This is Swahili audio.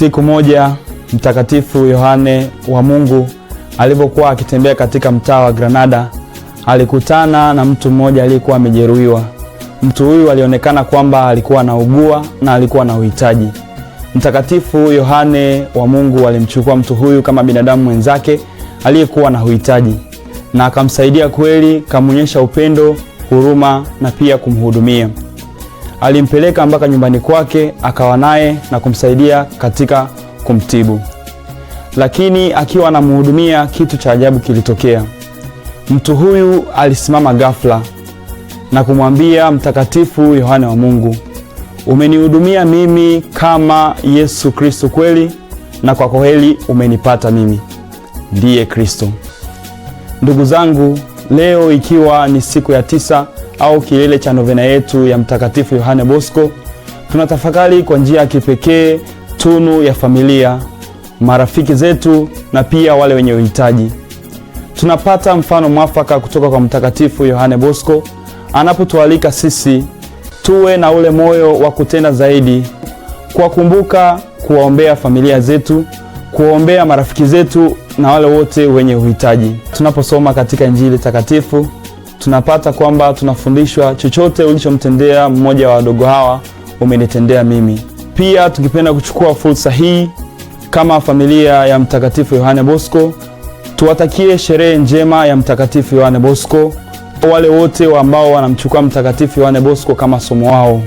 Siku moja Mtakatifu Yohane wa Mungu alivyokuwa akitembea katika mtaa wa Granada, alikutana na mtu mmoja aliyekuwa amejeruhiwa. Mtu huyu alionekana kwamba alikuwa anaugua na alikuwa na uhitaji. Mtakatifu Yohane wa Mungu alimchukua mtu huyu kama binadamu mwenzake aliyekuwa na uhitaji, na akamsaidia kweli, kamwonyesha upendo, huruma na pia kumhudumia alimpeleka mpaka nyumbani kwake, akawa naye na kumsaidia katika kumtibu. Lakini akiwa anamhudumia, kitu cha ajabu kilitokea. Mtu huyu alisimama ghafla na kumwambia Mtakatifu Yohane wa Mungu, umenihudumia mimi kama Yesu Kristo kweli, na kwa kweli umenipata mimi, ndiye Kristo. Ndugu zangu, leo ikiwa ni siku ya tisa au kilele cha novena yetu ya Mtakatifu Yohane Bosco, tunatafakari kwa njia ya kipekee tunu ya familia, marafiki zetu na pia wale wenye uhitaji. Tunapata mfano mwafaka kutoka kwa Mtakatifu Yohane Bosco anapotualika sisi tuwe na ule moyo wa kutenda zaidi, kuwakumbuka, kuwaombea familia zetu, kuwaombea marafiki zetu na wale wote wenye uhitaji, tunaposoma katika Injili takatifu tunapata kwamba tunafundishwa chochote ulichomtendea mmoja wa wadogo hawa umenitendea mimi. Pia tukipenda kuchukua fursa hii kama familia ya Mtakatifu Yohane Bosco, tuwatakie sherehe njema ya Mtakatifu Yohane Bosco wale wote ambao wanamchukua Mtakatifu Yohane Bosco kama somo wao.